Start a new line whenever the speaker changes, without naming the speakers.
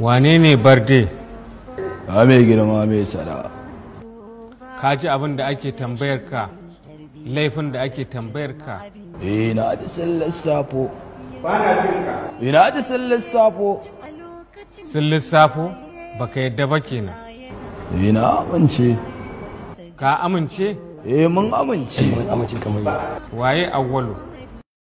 wane ne barde mai girma mai tsara
ka ji abin da ake tambayar ka laifin da ake tambayar
ka
ina eh, na
ji sallar safo bana ina eh, ji sallar safo
sun
lissafo baka yadda ba kenan eh
Ina
amince
ka amince eh mun amince mun amince kamar
waye awwalu